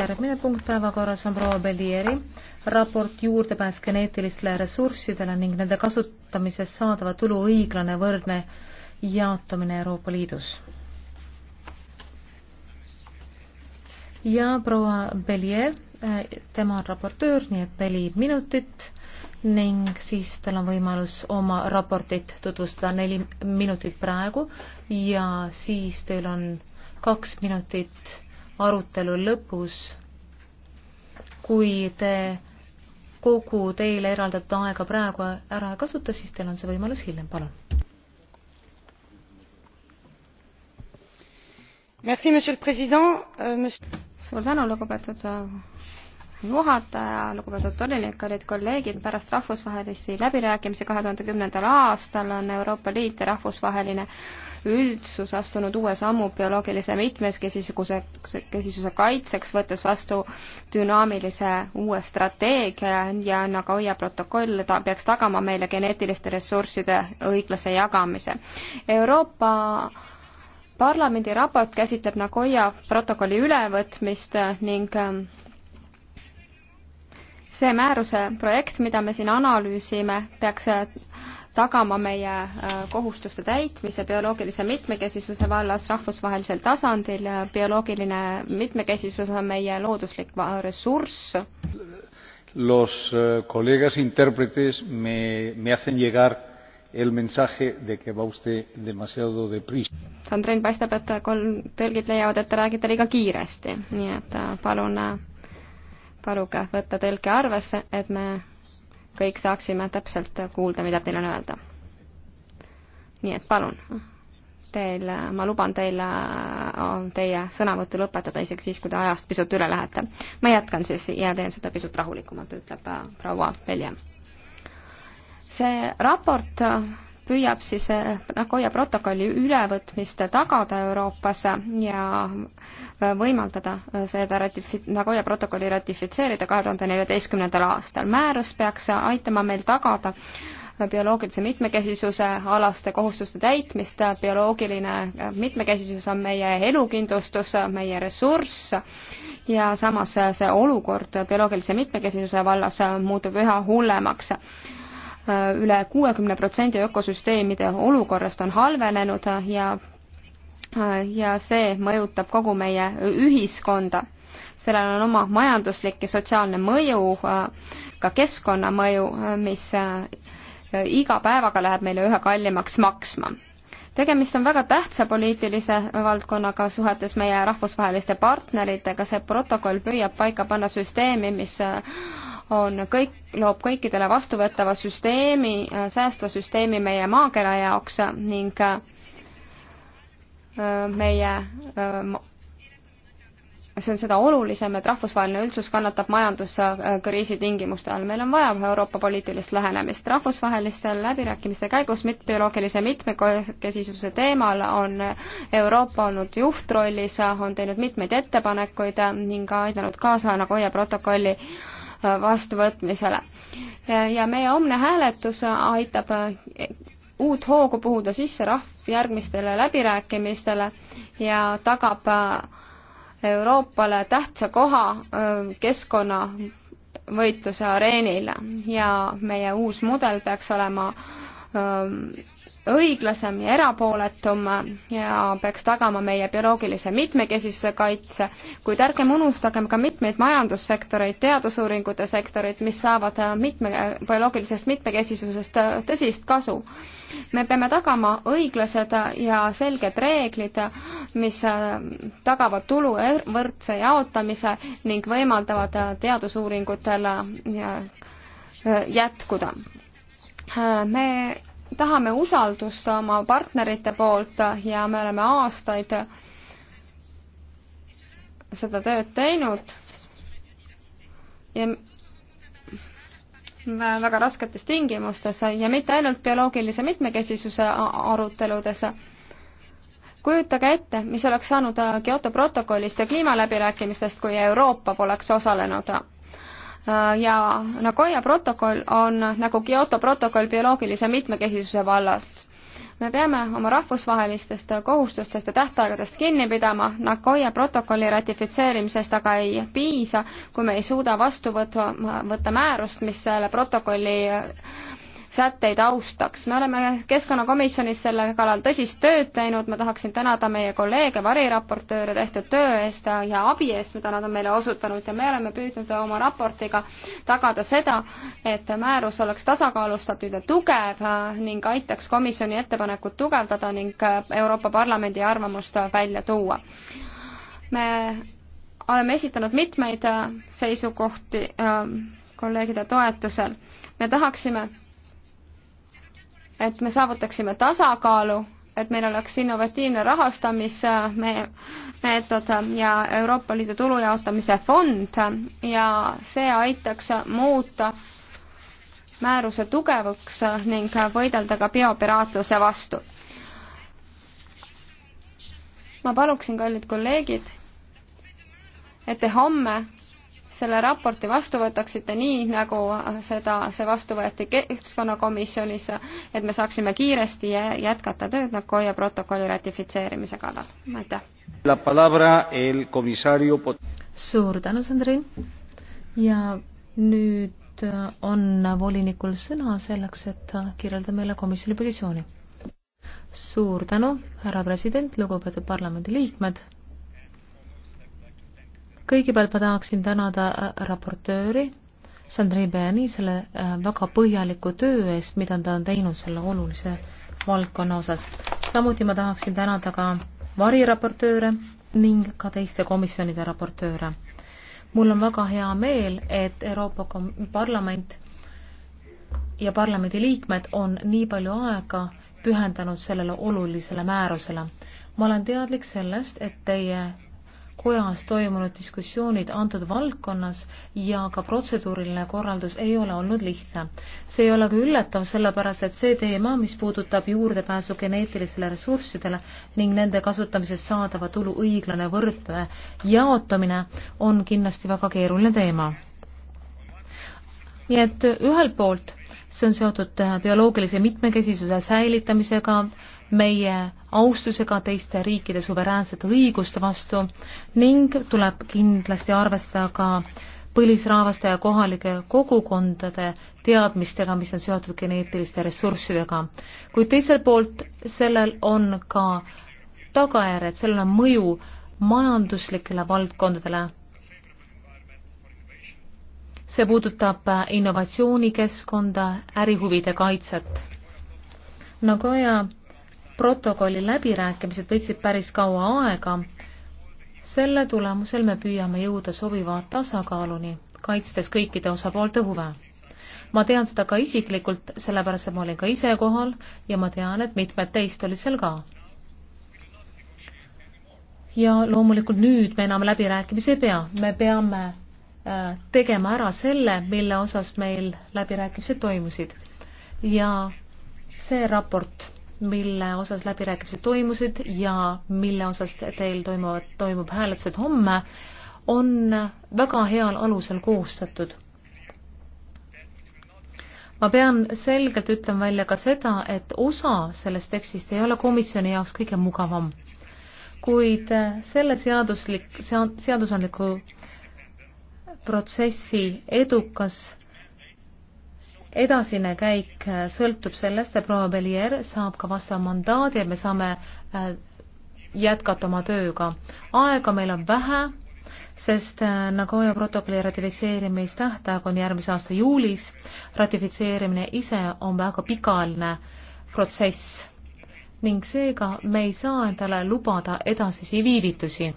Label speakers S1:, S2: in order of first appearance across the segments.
S1: järgmine punkt päevakorras on proua Bellieri raport juurdepääs geneetilistele ressurssidele ning nende kasutamisest saadava tulu õiglane võrdne jaotamine Euroopa Liidus. ja proua Bellier, eh, tema on raportöör, nii et neli minutit ning siis tal on võimalus oma raportit tutvustada neli minutit praegu ja siis teil on kaks minutit arutelu lõpus, kui te kogu teile eraldatud aega praegu ära ei kasuta, siis teil on see võimalus hiljem, palun.
S2: Euh, suur tänu, lugupeetud juhataja, lugupeetud Torinik, kallid kolleegid, pärast rahvusvahelisi läbirääkimisi kahe tuhande kümnendal aastal on Euroopa Liit ja rahvusvaheline üldsus astunud uue sammu bioloogilise mitmekesisuse, kesisuse kaitseks, võttes vastu dünaamilise uue strateegia ja Nagoya protokoll ta peaks tagama meile geneetiliste ressursside õiglase jagamise. Euroopa parlamendi raport käsitleb Nagoya protokolli ülevõtmist ning ähm, see määruse projekt, mida me siin analüüsime, peaks äh, tagama meie äh, kohustuste täitmise bioloogilise mitmekesisuse vallas rahvusvahelisel tasandil. bioloogiline mitmekesisus on meie looduslik ressurss.
S3: Los äh, colegas intérpretes me, me hacen llegar el mensaje de que va usted demasiado deprisa.
S2: Sandrine, paistab, et kolm tõlgid leiavad, et te räägite liiga kiiresti, nii et palun paluge võtta tõlke arvesse, et me kõik saaksime täpselt kuulda, mida teil on öelda. nii et palun, teil, ma luban teil äh, teie sõnavõttu lõpetada isegi siis, kui te ajast pisut üle lähete. ma jätkan siis ja teen seda pisut rahulikumalt, ütleb äh, proua Velja. see raport püüab siis eh, Nagoya protokolli ülevõtmist tagada Euroopas ja eh, võimaldada eh, seda ratifi-, Nagoya protokolli ratifitseerida kahe tuhande neljateistkümnendal aastal. määrus peaks aitama meil tagada bioloogilise mitmekesisuse alaste kohustuste täitmist, bioloogiline mitmekesisus on meie elukindlustus, meie ressurss ja samas see olukord bioloogilise mitmekesisuse vallas muutub üha hullemaks Äh, üle kuuekümne protsendi ökosüsteemide olukorrast on halvenenud ja, äh, ja see mõjutab kogu meie ühiskonda. sellel on oma majanduslik ja sotsiaalne mõju, äh, ka keskkonnamõju, mis iga päevaga läheb meile üha kallimaks maksma tegemist on väga tähtsa poliitilise valdkonnaga suhetes meie rahvusvaheliste partneritega, see protokoll püüab paika panna süsteemi, mis on kõik, loob kõikidele vastuvõtava süsteemi, säästva süsteemi meie maakera jaoks ning äh, meie, äh, see on seda olulisem, et rahvusvaheline üldsus kannatab majanduskriisi tingimuste all. meil on vaja Euroopa poliitilist lähenemist. rahvusvaheliste läbirääkimiste käigus mitbioloogilise mitmekesisuse teemal on Euroopa olnud juhtrollis, on teinud mitmeid ettepanekuid ning aidanud kaasa Nagoya protokolli äh, vastuvõtmisele. ja meie homne hääletus aitab uut hoogu puhuda sisse rahv järgmistele läbirääkimistele ja tagab Euroopale tähtsa koha keskkonnavõitluse areenil ja meie uus mudel peaks olema äh, Ähm, õiglasem ja erapooletum ja peaks tagama meie bioloogilise mitmekesisuse kaitse, kuid ärgem unustagem ka mitmeid majandussektoreid, teadusuuringute sektoreid, mis saavad äh, mitme, äh, bioloogilisest mitmekesisusest äh, tõsist kasu. me peame tagama õiglased ja selged reeglid, mis tagavad tulu võrdse jaotamise ning võimaldavad teadusuuringutel jätkuda me tahame usaldust oma partnerite poolt ja me oleme aastaid seda tööd teinud ja väga rasketes tingimustes ja mitte ainult bioloogilise mitmekesisuse aruteludes. kujutage ette, mis oleks saanud Kyoto protokollist ja kliimaläbirääkimistest, kui Euroopa poleks osalenud ja Nagoya protokoll on nagu Kyoto protokoll bioloogilise mitmekesisuse vallast me peame oma rahvusvahelistest kohustustest ja tähtaegadest kinni pidama, Nagoya protokolli ratifitseerimisest aga ei piisa, kui me ei suuda vastu võtma, võtta määrust, mis selle protokolli sätteid austaks. me oleme Keskkonnakomisjonis selle kallal tõsist tööd teinud, ma tahaksin tänada meie kolleege, variraportööre tehtud töö eest ja abi eest, mida nad on meile osutanud ja me oleme püüdnud oma raportiga tagada seda, et määrus oleks tasakaalustatud ja tugev ning aitaks komisjoni ettepanekut tugevdada ning Euroopa Parlamendi arvamust välja tuua. me oleme esitanud mitmeid seisukohti ähm, kolleegide toetusel. me tahaksime et me saavutaksime tasakaalu, et meil oleks innovatiivne rahastamismeetod ja Euroopa Liidu tulu jaotamise fond ja see aitaks muuta määruse tugevaks ning võidelda ka biopiraatluse vastu. ma paluksin, kallid kolleegid, et te homme selle raporti vastu võtaksite nii, nagu seda, see vastu võeti keskkonnakomisjonis, et me saaksime kiiresti jätkata tööd Nagoya protokolli ratifitseerimise kallal. aitäh!
S1: suur tänu, Sandrin! ja nüüd on volinikul sõna selleks, et ta kirjeldab meile komisjoni positsiooni. suur tänu, härra president, lugupeetud parlamendiliikmed kõigepealt ma tahaksin tänada äh, raportööri Sandrine Beni selle äh, väga põhjaliku töö eest, mida ta on teinud selle olulise valdkonna osas. samuti ma tahaksin tänada ka variraportööre ning ka teiste komisjonide raportööre. mul on väga hea meel, et Euroopa Parlament ja parlamendi liikmed on nii palju aega pühendanud sellele olulisele määrusele. ma olen teadlik sellest, et teie kojas toimunud diskussioonid antud valdkonnas ja ka protseduuriline korraldus ei ole olnud lihtne. see ei ole ka üllatav, sellepärast et see teema, mis puudutab juurdepääsu geneetilistele ressurssidele ning nende kasutamisest saadava tulu õiglane võrdne jaotamine, on kindlasti väga keeruline teema. nii et ühelt poolt see on seotud bioloogilise mitmekesisuse säilitamisega, meie austusega teiste riikide suveräänsete õiguste vastu ning tuleb kindlasti arvestada ka põlisrahvaste ja kohalike kogukondade teadmistega, mis on seotud geneetiliste ressurssidega. kuid teiselt poolt sellel on ka tagajärjed, sellel on mõju majanduslikele valdkondadele. see puudutab innovatsioonikeskkonda, ärihuvide kaitset. Nagoya no, protokolli läbirääkimised võtsid päris kaua aega. selle tulemusel me püüame jõuda sobiva tasakaaluni, kaitstes kõikide osapoolte huve. ma tean seda ka isiklikult, sellepärast et ma olin ka ise kohal ja ma tean, et mitmed teist olid seal ka. ja loomulikult nüüd me enam läbirääkimisi ei pea, me peame äh, tegema ära selle, mille osas meil läbirääkimised toimusid. ja see raport mille osas läbirääkimised toimusid ja mille osas teil toimuvad, toimub hääletused homme, on väga heal alusel koostatud. ma pean selgelt ütlema välja ka seda, et osa sellest tekstist ei ole komisjoni jaoks kõige mugavam, kuid selle seaduslik, seadusandliku protsessi edukas edasine käik äh, sõltub sellest, et proua Belier saab ka vastava mandaadi ja me saame äh, jätkata oma tööga. aega meil on vähe, sest äh, Nagoya protokolli ratifitseerimistähtaeg on järgmise aasta juulis. ratifitseerimine ise on väga pikaajaline protsess ning seega me ei saa endale lubada edasisi viivitusi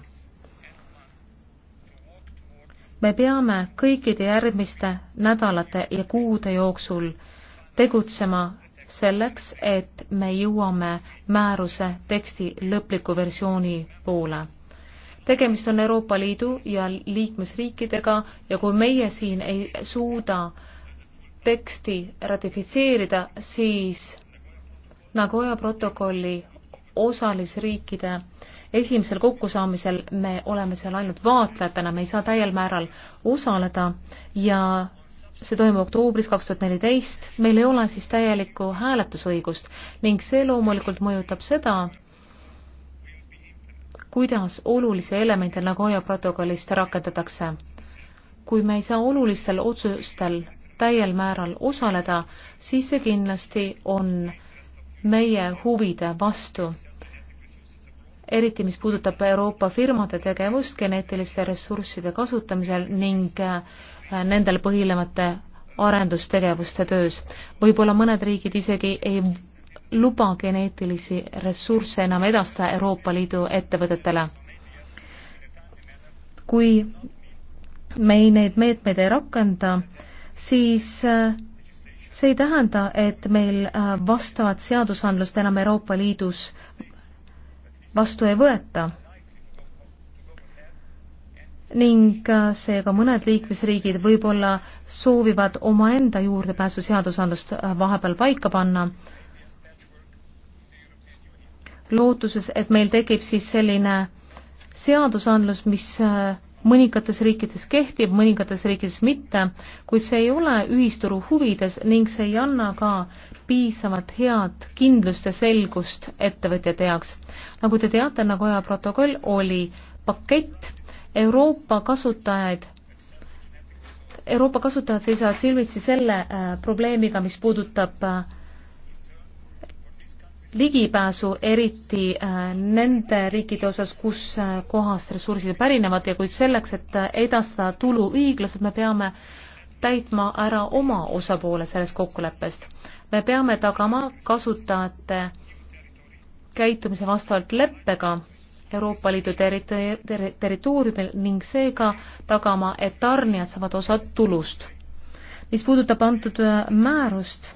S1: me peame kõikide järgmiste nädalate ja kuude jooksul tegutsema selleks, et me jõuame määruse teksti lõpliku versiooni poole. tegemist on Euroopa Liidu ja liikmesriikidega ja kui meie siin ei suuda teksti ratifitseerida, siis Nagoya protokolli osalisriikide esimesel kokkusaamisel me oleme seal ainult vaatlejatena, me ei saa täiel määral osaleda ja see toimub oktoobris kaks tuhat neliteist, meil ei ole siis täielikku hääletusõigust ning see loomulikult mõjutab seda, kuidas olulisi elemente Nagoya protokollist rakendatakse. kui me ei saa olulistel otsustel täiel määral osaleda, siis see kindlasti on meie huvide vastu, eriti mis puudutab Euroopa firmade tegevust geneetiliste ressursside kasutamisel ning äh, nendel põhilevate arendustegevuste töös. võib-olla mõned riigid isegi ei luba geneetilisi ressursse enam edasta Euroopa Liidu ettevõtetele. kui me ei, neid meetmeid ei rakenda, siis äh, see ei tähenda, et meil äh, vastavat seadusandlust enam Euroopa Liidus vastu ei võeta ning äh, seega mõned liikmesriigid võib-olla soovivad omaenda juurdepääsu seadusandlust äh, vahepeal paika panna, lootuses, et meil tekib siis selline seadusandlus, mis mõningates riikides kehtib, mõningates riikides mitte, kuid see ei ole ühisturu huvides ning see ei anna ka piisavalt head kindlust ja selgust ettevõtjate jaoks. nagu te teate, Nagoya protokoll oli pakett Euroopa kasutajaid Euroopa kasutajad seisavad silmitsi selle äh, probleemiga, mis puudutab äh, ligipääsu, eriti äh, nende riikide osas, kus äh, kohast ressursid pärinevad ja kuid selleks, et äh, edastada tulu õiglaselt, me peame täitma ära oma osapoole sellest kokkuleppest. me peame tagama kasutajate käitumise vastavalt leppega Euroopa Liidu terri-, terri-, territooriumil ning seega tagama, et tarnijad saavad osa tulust. mis puudutab antud määrust,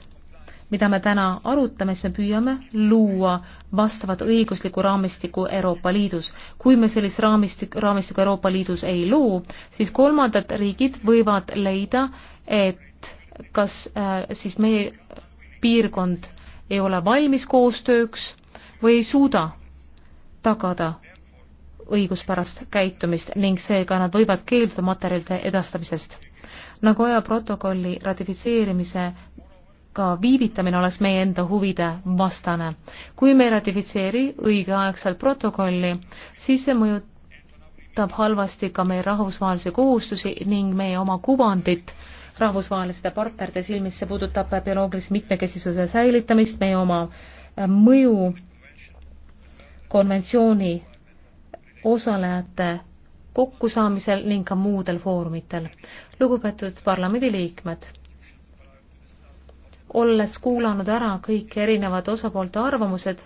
S1: mida me täna arutame, siis me püüame luua vastavat õiguslikku raamistikku Euroopa Liidus. kui me sellist raamistik, raamistikku Euroopa Liidus ei loo, siis kolmandad riigid võivad leida, et kas äh, siis meie piirkond ei ole valmis koostööks või ei suuda tagada õiguspärast käitumist ning seega nad võivad keelduda materjalide edastamisest. Nagoya protokolli ratifitseerimise ka viivitamine oleks meie enda huvide vastane. kui me ei ratifitseeri õigeaegselt protokolli, siis see mõjutab halvasti ka meie rahvusvahelisi kohustusi ning meie oma kuvandit rahvusvaheliste partnerite silmis, see puudutab bioloogilise mitmekesisuse säilitamist, meie oma äh, mõju konventsiooni osalejate kokkusaamisel ning ka muudel foorumitel. lugupeetud parlamendiliikmed olles kuulanud ära kõik erinevad osapoolte arvamused,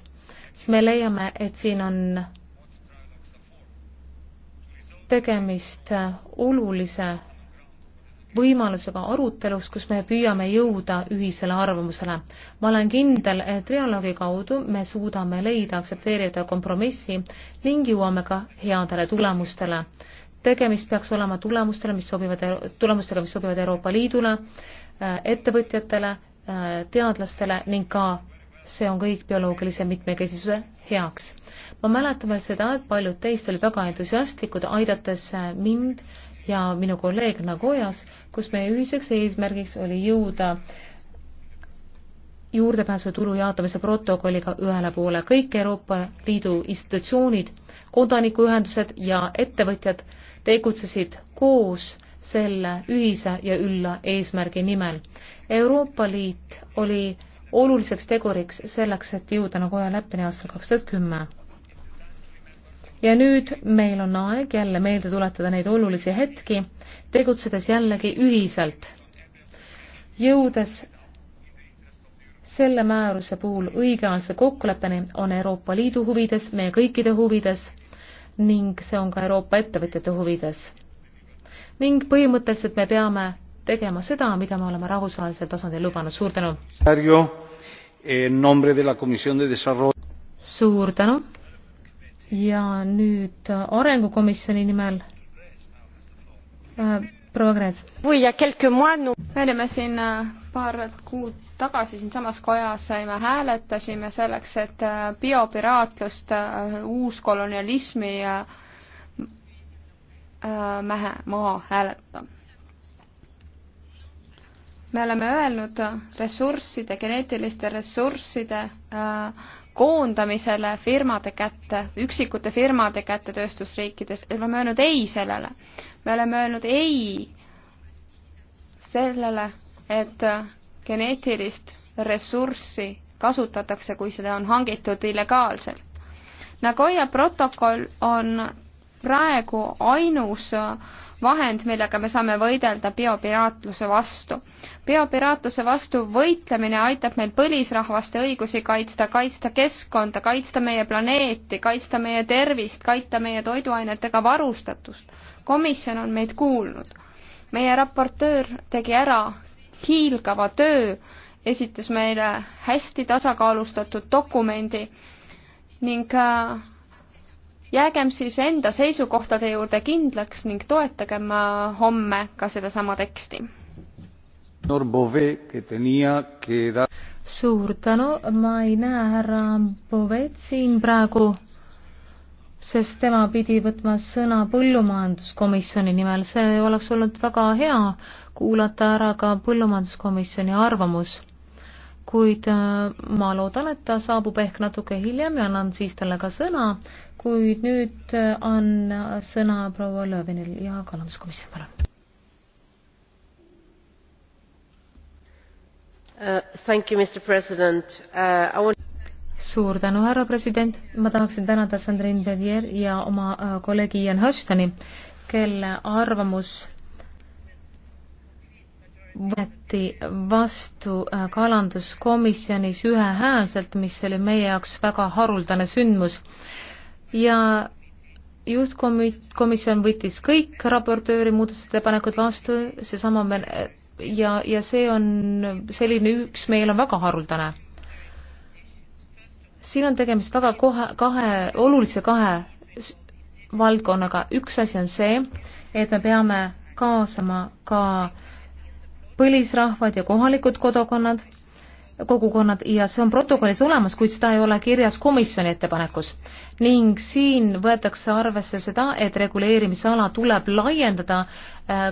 S1: siis me leiame, et siin on tegemist olulise võimalusega arutelus, kus me püüame jõuda ühisele arvamusele. ma olen kindel, et dialoogi kaudu me suudame leida aktsepteerida kompromissi ning jõuame ka headele tulemustele. tegemist peaks olema tulemustele, mis sobivad, tulemustega, mis sobivad Euroopa Liidule, äh, ettevõtjatele teadlastele ning ka see on kõik bioloogilise mitmekesisuse heaks. ma mäletan veel seda, et paljud teist olid väga entusiastlikud, aidates mind ja minu kolleeg Nagoyas, kus meie ühiseks eesmärgiks oli jõuda juurdepääsutulu jaotamise protokolliga ühele poole. kõik Euroopa Liidu institutsioonid, kodanikuühendused ja ettevõtjad tegutsesid koos selle ühise ja ülla eesmärgi nimel. Euroopa Liit oli oluliseks teguriks selleks, et jõuda nagu ajaleppeni aastal kaks tuhat kümme. ja nüüd meil on aeg jälle meelde tuletada neid olulisi hetki, tegutsedes jällegi ühiselt, jõudes selle määruse puhul õigeaegse kokkuleppeni on Euroopa Liidu huvides, meie kõikide huvides ning see on ka Euroopa ettevõtjate huvides. ning põhimõtteliselt me peame tegema seda, mida me oleme rahvusvahelisel tasandil lubanud. suur tänu! suur tänu! ja nüüd äh, Arengukomisjoni nimel äh, proua Krees.
S2: me olime siin äh, paar kuud tagasi siinsamas kojas äh, me hääletasime selleks, et biopiraatlust, uuskolonialismi mähe maha hääletada me oleme öelnud ressursside, geneetiliste ressursside äh, koondamisele firmade kätte, üksikute firmade kätte tööstusriikides, me oleme öelnud ei sellele. me oleme öelnud ei sellele, et geneetilist ressurssi kasutatakse, kui seda on hangitud illegaalselt. Nagoya protokoll on praegu ainus vahend, millega me saame võidelda biopiraatluse vastu. biopiraatluse vastu võitlemine aitab meil põlisrahvaste õigusi kaitsta, kaitsta keskkonda, kaitsta meie planeeti, kaitsta meie tervist, kaitsta meie toiduainetega varustatust. komisjon on meid kuulnud. meie raportöör tegi ära hiilgava töö, esitas meile hästi tasakaalustatud dokumendi ning äh, jäägem siis enda seisukohtade juurde kindlaks ning toetagem homme ka sedasama teksti.
S1: suur tänu, ma ei näe härra Bovet siin praegu, sest tema pidi võtma sõna põllumajanduskomisjoni nimel, see oleks olnud väga hea kuulata ära ka põllumajanduskomisjoni arvamus kuid äh, ma loodan, et ta saabub ehk natuke hiljem ja annan siis talle ka sõna, kuid nüüd äh, on sõna proua Löövinil ja kalanduskomisjon, palun. Uh, thank you, Mr President uh,. I want suur tänu, härra president, ma tahaksin tänada Sandrine Bevier ja oma äh, kolleegi Ian Hushtoni, kelle arvamus võeti vastu äh, kalanduskomisjonis ühehäälselt, mis oli meie jaoks väga haruldane sündmus. ja juhtkomisjon võttis kõik raportööri muudatusettepanekud vastu, seesama me ja, ja see on selline üksmeel on väga haruldane. siin on tegemist väga kohe, kahe, olulise kahe valdkonnaga, üks asi on see, et me peame kaasama ka äh, põlisrahvad ja kohalikud kodukonnad, kogukonnad ja see on protokollis olemas, kuid seda ei ole kirjas komisjoni ettepanekus. ning siin võetakse arvesse seda, et reguleerimisala tuleb laiendada äh,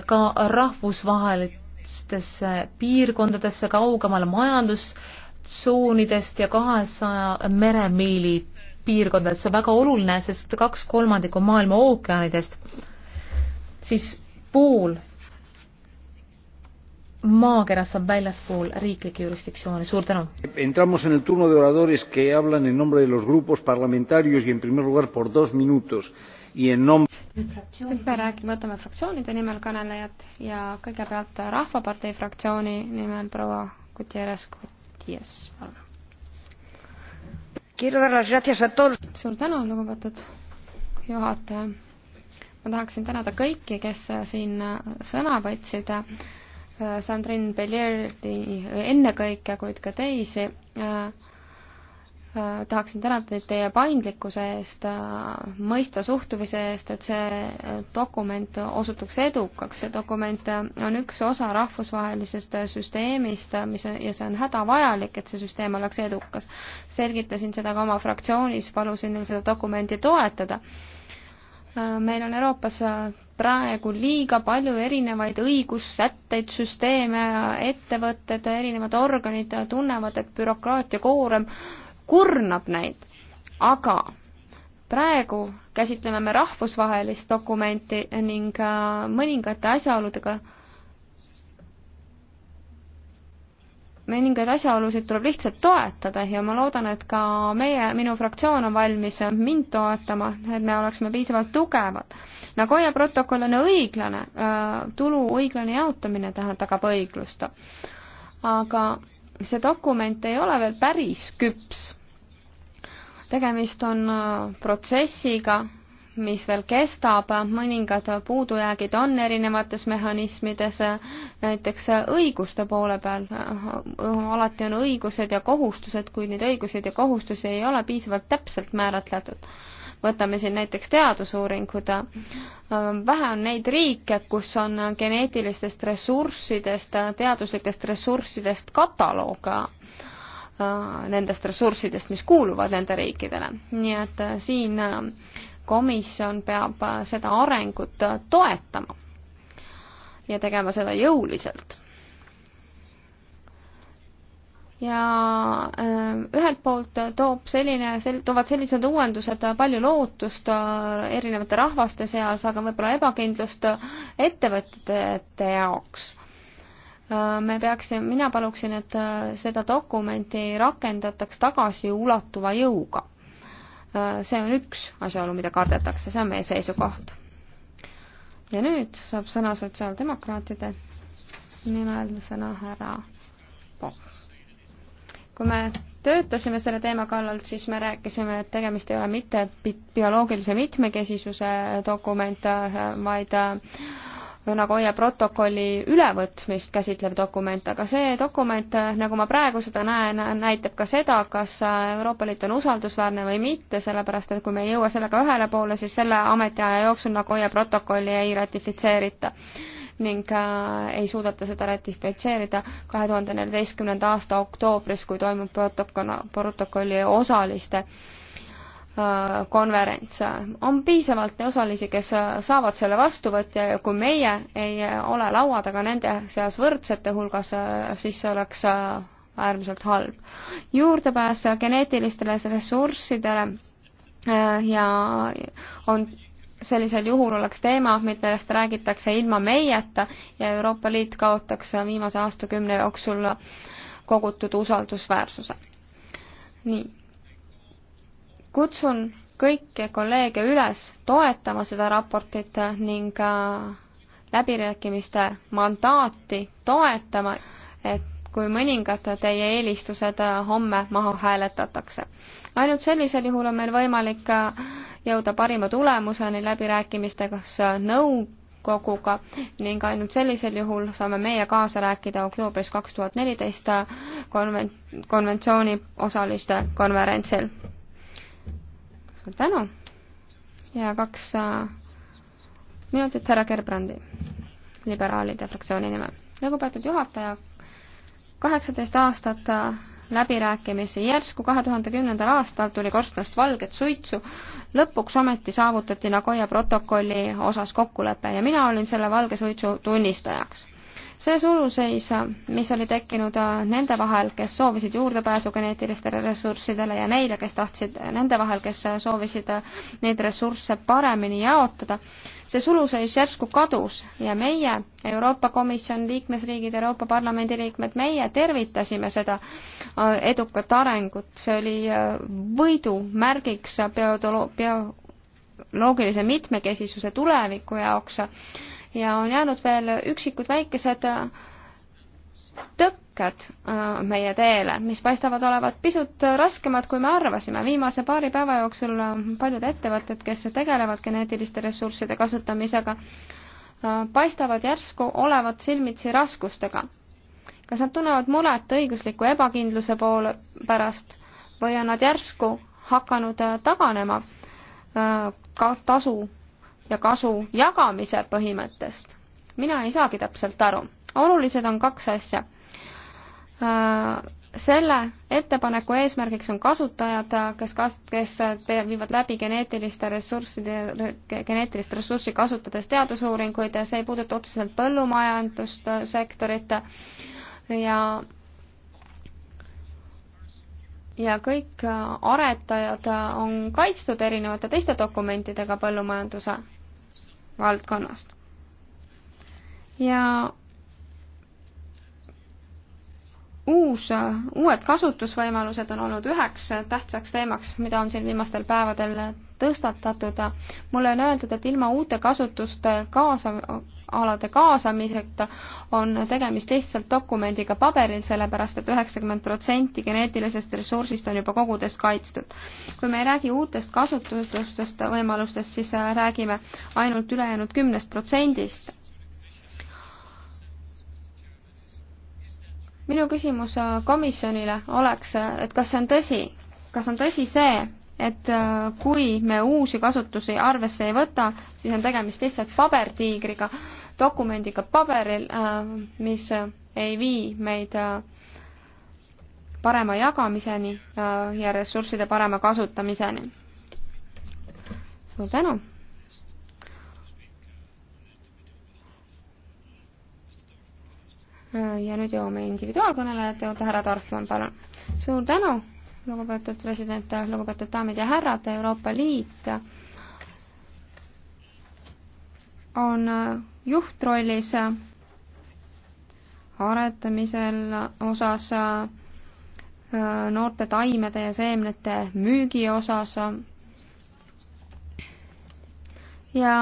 S1: ka rahvusvahelistesse piirkondadesse kaugemale majandustsoonidest ja kahesaja meremiili piirkondadest, see on väga oluline, sest kaks kolmandikku maailma ookeanidest, siis pool maakeras saab väljaspool riiklikke jurisdiktsioone. suur tänu!
S3: entramos en el turno de oradores que hablan en nombre de los grupos parlamentarios y en primer lugar por dos minutos y en nom-
S2: nüüd me räägime, võtame fraktsioonide nimel kõnelejad ja kõigepealt Rahvapartei fraktsiooni nimel proua Gutierrez Gutierrez, palun. suur tänu, lugupeetud juhataja. ma tahaksin tänada kõiki, kes siin sõna võtsid Äh, Sandrine Bellieri äh, ennekõike, kuid ka teisi. Äh, tahaksin tänada teid teie paindlikkuse eest, mõistva suhtumise eest, et see dokument osutuks edukaks. see dokument on üks osa rahvusvahelisest süsteemist, mis on, ja see on hädavajalik, et see süsteem oleks edukas. selgitasin seda ka oma fraktsioonis, palusin neil seda dokumenti toetada Äh, meil on Euroopas äh, praegu liiga palju erinevaid õigussätteid, süsteeme, ettevõtted, erinevad organid äh, tunnevad, et bürokraatia koorem kurnab neid, aga praegu käsitleme me rahvusvahelist dokumenti ning mõningate asjaoludega äh, mõningaid asjaolusid tuleb lihtsalt toetada ja ma loodan, et ka meie, minu fraktsioon on valmis mind toetama, et me oleksime piisavalt tugevad. Nagoya protokoll on õiglane, äh, tulu õiglane jaotamine tagab õiglust. aga see dokument ei ole veel päris küps. tegemist on äh, protsessiga, mis veel kestab, mõningad puudujäägid on erinevates mehhanismides, näiteks õiguste poole peal. alati on õigused ja kohustused, kuid neid õiguseid ja kohustusi ei ole piisavalt täpselt määratletud. võtame siin näiteks teadusuuringud. vähe on neid riike, kus on geneetilistest ressurssidest, teaduslikest ressurssidest kataloog nendest ressurssidest, mis kuuluvad nende riikidele. nii et äh, siin äh, komisjon peab äh, seda arengut äh, toetama ja tegema seda jõuliselt. ja äh, ühelt poolt toob selline, sel-, toovad sellised uuendused palju lootust erinevate rahvaste seas, aga võib-olla ebakindlust ettevõtjate jaoks me peaksime, mina paluksin, et seda dokumenti rakendataks tagasiulatuva jõuga. Äh, see on üks asjaolu, mida kardetakse, see on meie seisukoht. ja nüüd saab sõna sotsiaaldemokraatide nimel sõna härra Popp. kui me töötasime selle teema kallal, siis me rääkisime, et tegemist ei ole mitte bioloogilise mitmekesisuse dokument, vaid äh, Nagoya protokolli ülevõtmist käsitlev dokument, aga see dokument, nagu ma praegu seda näen, näitab ka seda, kas Euroopa Liit on usaldusväärne või mitte, sellepärast et kui me ei jõua sellega ühele poole, siis selle ametiaja jooksul Nagoya protokolli ei ratifitseerita ning äh, ei suudeta seda ratifitseerida kahe tuhande neljateistkümnenda aasta oktoobris, kui toimub protokolli osaliste äh, Äh, konverents. on piisavalt osalisi, kes äh, saavad selle vastuvõtja ja kui meie ei äh, ole laua taga nende seas võrdsete hulgas, siis see oleks äärmiselt halb. juurdepääs geneetilistele ressurssidele ja on sellisel juhul oleks teema, millest räägitakse ilma meieta ja Euroopa Liit kaotaks viimase aastakümne jooksul kogutud usaldusväärsuse. nii kutsun kõiki kolleege üles toetama seda raportit ning äh, läbirääkimiste mandaati toetama, et kui mõningad teie eelistused äh, homme maha hääletatakse. ainult sellisel juhul on meil võimalik äh, jõuda parima tulemuseni läbirääkimistega nõukoguga ning ainult sellisel juhul saame meie kaasa rääkida oktoobris kaks tuhat neliteist konventsiooni osaliste konverentsil suur tänu ja kaks äh, minutit härra Gerbrandi liberaalide fraktsiooni nimel. lugupeetud juhataja, kaheksateist aastat äh, läbirääkimisi järsku kahe tuhande kümnendal aastal tuli korstnast valget suitsu. lõpuks ometi saavutati Nagoya protokolli osas kokkulepe ja mina olin selle valge suitsu tunnistajaks see suluseis, mis oli tekkinud äh, nende vahel, kes soovisid juurdepääsu geneetilistele ressurssidele ja neile, kes tahtsid, äh, nende vahel, kes äh, soovisid neid ressursse paremini jaotada, see suluseis järsku kadus ja meie, Euroopa Komisjon, liikmesriigid, Euroopa Parlamendi liikmed, meie tervitasime seda edukat arengut, see oli võidumärgiks bioloogilise mitmekesisuse tuleviku jaoks ja on jäänud veel üksikud väikesed äh, tõkked äh, meie teele, mis paistavad olevat pisut raskemad, kui me arvasime. viimase paari päeva jooksul äh, paljud ettevõtted, kes tegelevad geneetiliste ressursside kasutamisega, paistavad järsku olevat silmitsi raskustega. kas nad tunnevad muret õigusliku ebakindluse poole pärast või on nad järsku hakanud taganema ka tasu ja kasu jagamise põhimõttest. mina ei saagi täpselt aru. olulised on kaks asja. Äh, selle ettepaneku eesmärgiks on kasutajad, kes kas-, kes te-, viivad läbi geneetiliste ressursside, geneetilist ressurssi kasutades teadusuuringuid ja see ei puuduta otseselt põllumajandust, äh, sektorit ja ja kõik äh, aretajad on kaitstud erinevate teiste dokumentidega põllumajanduse valdkonnast. ja uus, uued kasutusvõimalused on olnud üheks tähtsaks teemaks, mida on siin viimastel päevadel tõstatatud. mulle on öeldud, et ilma uute kasutuste kaasa, alade kaasamiseta on tegemist lihtsalt dokumendiga paberil, sellepärast et üheksakümmend protsenti geneetilisest ressursist on juba kogudes kaitstud. kui me ei räägi uutest kasutustest, võimalustest, siis äh, räägime ainult ülejäänud kümnest protsendist. minu küsimus äh, komisjonile oleks, äh, et kas see on tõsi, kas on tõsi see, et kui me uusi kasutusi arvesse ei võta, siis on tegemist lihtsalt pabertiigriga dokumendiga paberil, äh, mis ei vii meid äh, parema jagamiseni äh, ja ressursside parema kasutamiseni. suur tänu! ja nüüd jõuame individuaalkõnelejate juurde, härra Dorfmann, palun. suur tänu, lugupeetud president, lugupeetud daamid ja härrad, Euroopa Liit on juhtrollis aretamisel osas, noorte taimede ja seemnete müügi osas. ja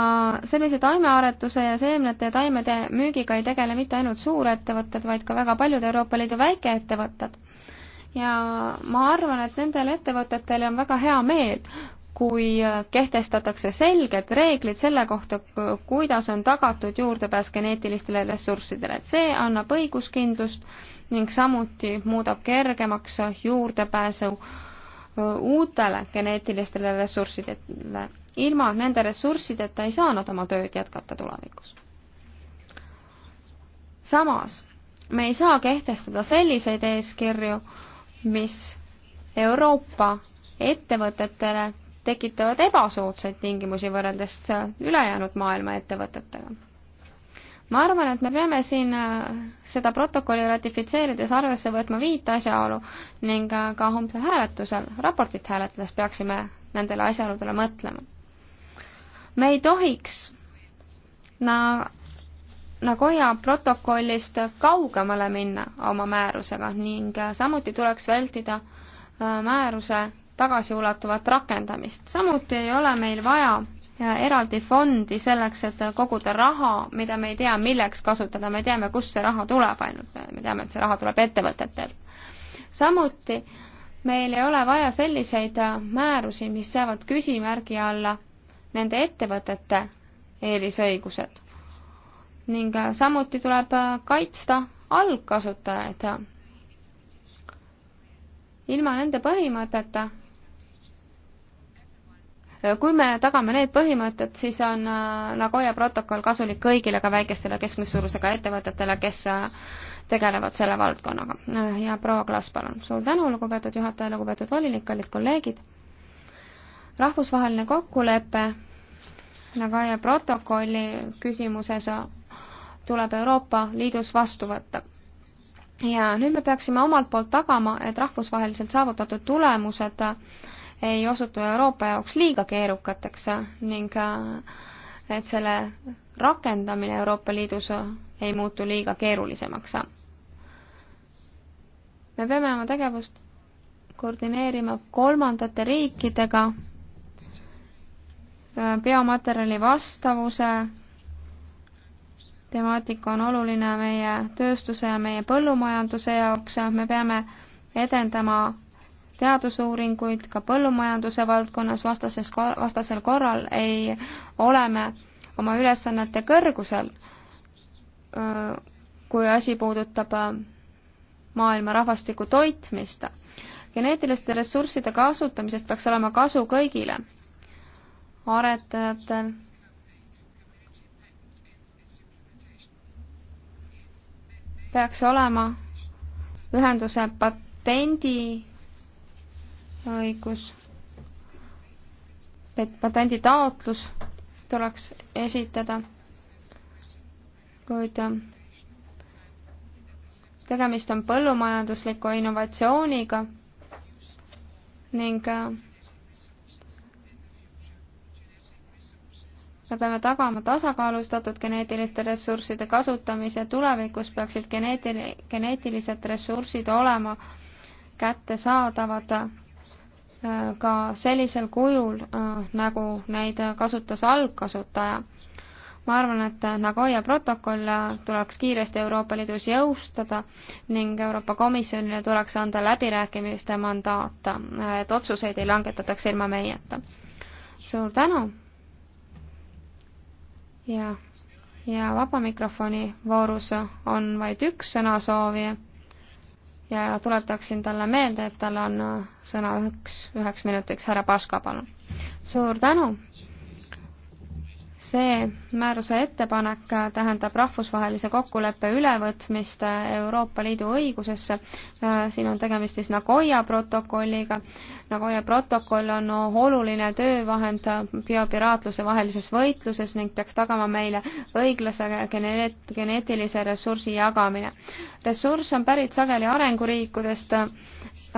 S2: sellise taimearetuse ja seemnete ja taimede müügiga ei tegele mitte ainult suurettevõtted, vaid ka väga paljud Euroopa Liidu väikeettevõtted ja ma arvan, et nendel ettevõtetel on väga hea meel, kui äh, kehtestatakse selged reeglid selle kohta, kuidas on tagatud juurdepääs geneetilistele ressurssidele, et see annab õiguskindlust ning samuti muudab kergemaks juurdepääsu äh, uutele geneetilistele ressurssidele. ilma nende ressurssideta ei saa nad oma tööd jätkata tulevikus. samas me ei saa kehtestada selliseid eeskirju, mis Euroopa ettevõtetele tekitavad ebasoodsaid tingimusi võrreldes ülejäänud maailma ettevõtetega. ma arvan, et me peame siin äh, seda protokolli ratifitseerides arvesse võtma viit asjaolu ning äh, ka homsel hääletusel, raportit hääletades peaksime nendele asjaoludele mõtlema. me ei tohiks na-, Nagoya protokollist kaugemale minna oma määrusega ning äh, samuti tuleks vältida määruse tagasiulatuvat rakendamist. samuti ei ole meil vaja eraldi fondi selleks, et koguda raha, mida me ei tea, milleks kasutada, me teame, kust see raha tuleb ainult, me teame, et see raha tuleb ettevõtetelt. samuti meil ei ole vaja selliseid määrusi, mis seavad küsimärgi alla nende ettevõtete eelisõigused. ning samuti tuleb kaitsta algkasutajaid. ilma nende põhimõteta Äh, kui me tagame need põhimõtted, siis on äh, Nagoya protokoll kasulik kõigile, ka väikestele keskmise suurusega ettevõtetele, kes äh, tegelevad selle valdkonnaga. ja proua Klas, palun. suur tänu, lugupeetud juhataja, lugupeetud volinik, kallid kolleegid. rahvusvaheline kokkulepe Nagoya protokolli küsimuses tuleb Euroopa Liidus vastu võtta ja nüüd me peaksime omalt poolt tagama, et rahvusvaheliselt saavutatud tulemused äh, ei osutu Euroopa jaoks liiga keerukateks ning äh, et selle rakendamine Euroopa Liidus ei muutu liiga keerulisemaks. me peame oma tegevust koordineerima kolmandate riikidega äh, biomaterjali vastavuse temaatika on oluline meie tööstuse ja meie põllumajanduse jaoks, me peame edendama teadusuuringuid ka põllumajanduse valdkonnas, vastases, vastasel korral ei ole me oma ülesannete kõrgusel, kui asi puudutab maailma rahvastiku toitmist. geneetiliste ressursside kasutamisest peaks olema kasu kõigile, aretajatel, peaks olema ühenduse patendi õigus, et patenditaotlus tuleks esitada, kuid ähm, tegemist on põllumajandusliku innovatsiooniga ning ähm, me peame tagama tasakaalustatud geneetiliste ressursside kasutamise, tulevikus peaksid geneetili-, geneetilised ressursid olema kättesaadavad ka sellisel kujul, äh, nagu neid kasutas algkasutaja. ma arvan, et Nagoya protokoll äh, tuleks kiiresti Euroopa Liidus jõustada ning Euroopa Komisjonile tuleks anda läbirääkimiste mandaat, äh, et otsuseid ei langetataks ilma meieta. suur tänu! ja, ja vaba mikrofoni voorus on vaid üks sõnasoovija ja tuletaksin talle meelde, et tal on äh, sõna üheks, üheks minutiks, härra Paška, palun. suur tänu, see määruse ettepanek tähendab rahvusvahelise kokkuleppe ülevõtmist Euroopa Liidu õigusesse. siin on tegemist siis Nagoya protokolliga. Nagoya protokoll on oluline töövahend biopiraatluse vahelises võitluses ning peaks tagama meile õiglase geneet-, geneetilise ressursi jagamine. ressurss on pärit sageli arenguriikidest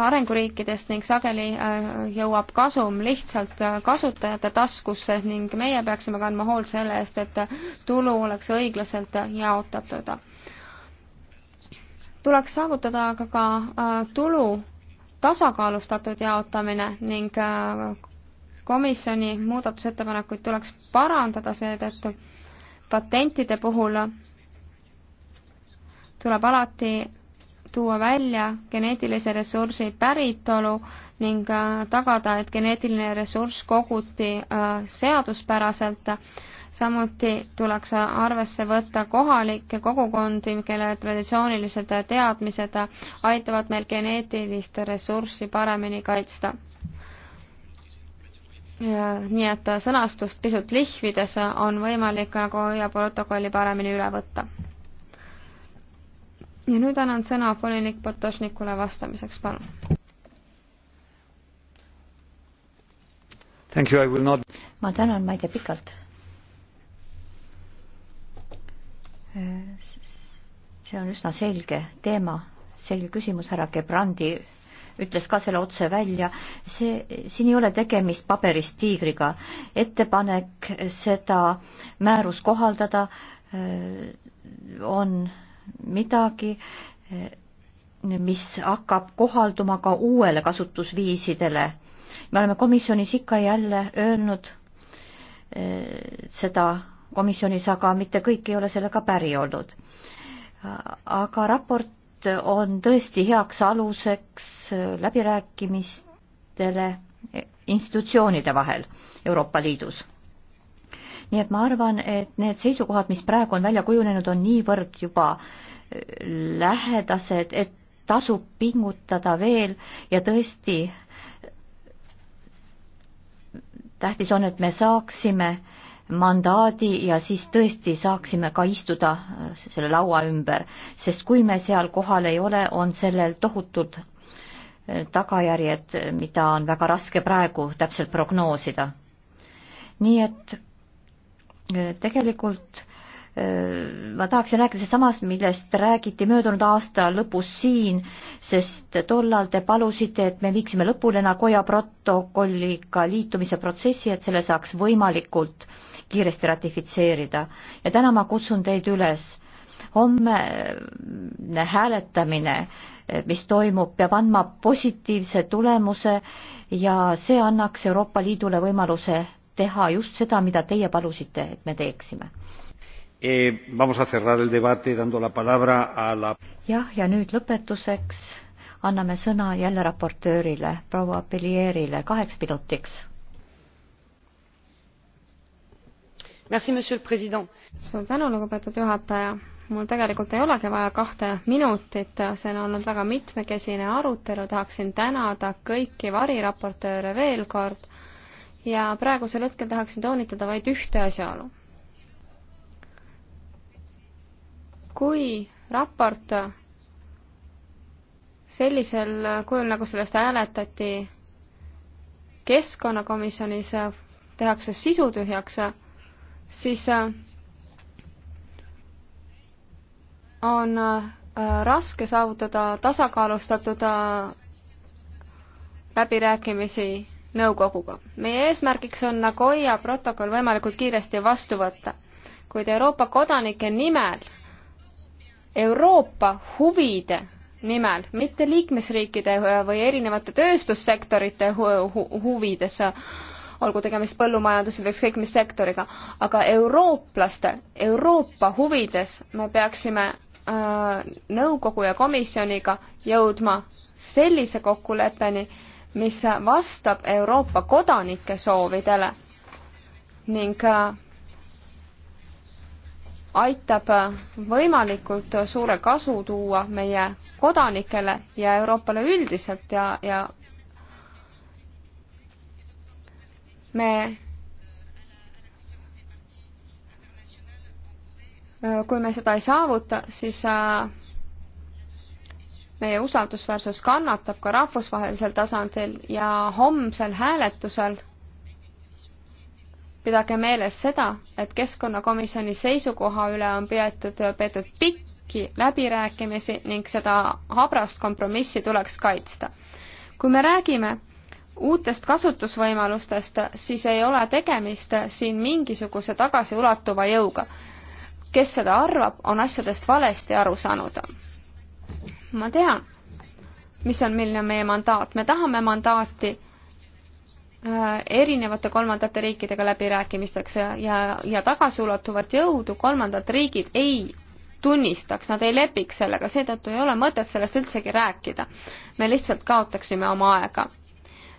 S2: arenguriikidest ning sageli äh, jõuab kasum lihtsalt äh, kasutajate taskusse ning meie peaksime kandma hoolt selle eest, et tulu oleks õiglaselt jaotatud. tuleks saavutada aga ka äh, tulu tasakaalustatud jaotamine ning komisjoni muudatusettepanekuid tuleks parandada seetõttu patentide puhul tuleb alati tuua välja geneetilise ressursi päritolu ning äh, tagada, et geneetiline ressurss koguti äh, seaduspäraselt. samuti tuleks äh, arvesse võtta kohalikke kogukondi, kelle traditsioonilised teadmised aitavad meil geneetilist ressurssi paremini kaitsta. nii et sõnastust pisut lihvides on võimalik nagu ja protokolli paremini üle võtta ja nüüd annan sõna volinik Potošnikule vastamiseks, palun.
S3: Not... ma tänan, ma ei tea pikalt. Äh, see on üsna selge teema, selge küsimus, härra Gebrandi ütles ka selle otse välja, see, siin ei ole tegemist paberist tiigriga. ettepanek seda määrus kohaldada äh, on midagi, mis hakkab kohalduma ka uuele kasutusviisidele. me oleme komisjonis ikka ja jälle öelnud eh, seda komisjonis, aga mitte kõik ei ole sellega päri olnud. aga raport on tõesti heaks aluseks läbirääkimistele institutsioonide vahel Euroopa Liidus nii et ma arvan, et need seisukohad, mis praegu on välja kujunenud, on niivõrd juba äh, lähedased, et tasub pingutada veel ja tõesti tähtis on, et me saaksime mandaadi ja siis tõesti saaksime ka istuda äh, selle laua ümber, sest kui me seal kohal ei ole, on sellel tohutud äh, tagajärjed, mida on väga raske praegu täpselt prognoosida. nii et tegelikult äh, ma tahaksin rääkida seesamast, millest räägiti möödunud aasta lõpus siin, sest tollal te palusite, et me viiksime lõpule Nagoya protokolliga liitumise protsessi, et selle saaks võimalikult kiiresti ratifitseerida. ja täna ma kutsun teid üles, homme äh, hääletamine, äh, mis toimub, peab andma positiivse tulemuse ja see annaks Euroopa Liidule võimaluse teha just seda, mida teie palusite, et me teeksime. Eh, jah, ja nüüd lõpetuseks anname sõna jälle raportöörile, proua Belierile kaheks minutiks.
S2: suur tänu, lugupeetud juhataja mul tegelikult ei olegi vaja kahte minutit, see on olnud väga mitmekesine arutelu, tahaksin tänada kõiki variraportööre veel kord ja praegusel hetkel tahaksin toonitada vaid ühte asjaolu. kui raport sellisel kujul, nagu sellest hääletati keskkonnakomisjonis, tehakse sisutühjaks, siis äh, on äh, raske saavutada tasakaalustatud äh, läbirääkimisi nõukoguga. meie eesmärgiks on Nagoya protokoll võimalikult kiiresti vastu võtta, kuid Euroopa kodanike nimel, Euroopa huvide nimel, mitte liikmesriikide äh, või erinevate tööstussektorite hu hu huvides, olgu tegemist põllumajanduse või ükskõik mis sektoriga, aga eurooplaste, Euroopa huvides me peaksime äh, nõukogu ja komisjoniga jõudma sellise kokkuleppeni, mis vastab Euroopa kodanike soovidele ning äh, aitab võimalikult suure kasu tuua meie kodanikele ja Euroopale üldiselt ja, ja me äh, kui me seda ei saavuta, siis äh, meie usaldusväärsus kannatab ka rahvusvahelisel tasandil ja homsel hääletusel pidage meeles seda, et Keskkonnakomisjoni seisukoha üle on peetud, peetud pikki läbirääkimisi ning seda habrast kompromissi tuleks kaitsta. kui me räägime uutest kasutusvõimalustest, siis ei ole tegemist siin mingisuguse tagasiulatuva jõuga. kes seda arvab, on asjadest valesti aru saanud ma tean, mis on, milline on meie mandaat, me tahame mandaati äh, erinevate kolmandate riikidega läbirääkimisteks ja, ja tagasiulatuvat jõudu kolmandad riigid ei tunnistaks, nad ei lepiks sellega, seetõttu ei ole mõtet sellest üldsegi rääkida. me lihtsalt kaotaksime oma aega.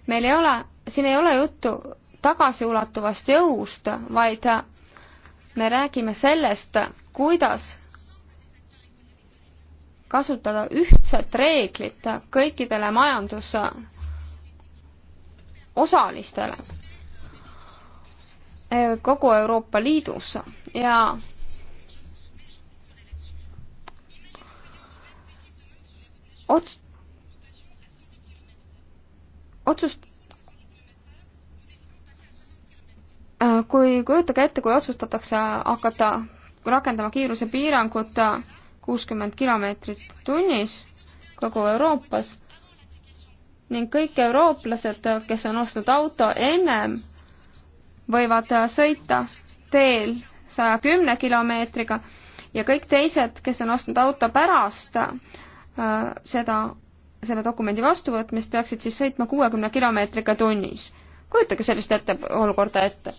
S2: meil ei ole, siin ei ole juttu tagasiulatuvast jõust, vaid me räägime sellest, kuidas kasutada ühtset reeglit kõikidele majandusosalistele kogu Euroopa Liidus ja ots-, otsust-, äh, kui, kujutage ette, kui otsustatakse hakata rakendama kiirusepiirangut kuuskümmend kilomeetrit tunnis kogu Euroopas ning kõik eurooplased, kes on ostnud auto ennem, võivad sõita teel saja kümne kilomeetriga ja kõik teised, kes on ostnud auto pärast äh, seda, selle dokumendi vastuvõtmist, peaksid siis sõitma kuuekümne kilomeetriga tunnis. kujutage sellist ette, olukorda ette.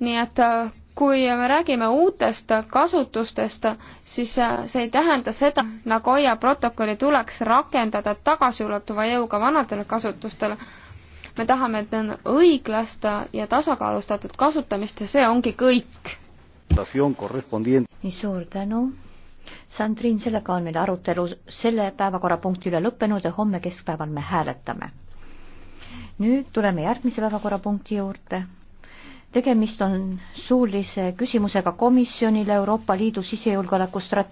S2: nii et äh, kui me räägime uutest kasutustest, siis see ei tähenda seda, Nagoya protokolli tuleks rakendada tagasiulatuva jõuga vanadele kasutustele. me tahame, et on õiglast ja tasakaalustatud
S3: kasutamist ja see ongi kõik. nii, suur tänu. Sandrin, sellega on meil arutelu selle päevakorrapunkti üle lõppenud ja homme keskpäeval me hääletame. nüüd tuleme järgmise päevakorrapunkti juurde tegemist on suulise küsimusega komisjonile Euroopa Liidu sisejulgeoleku strate-.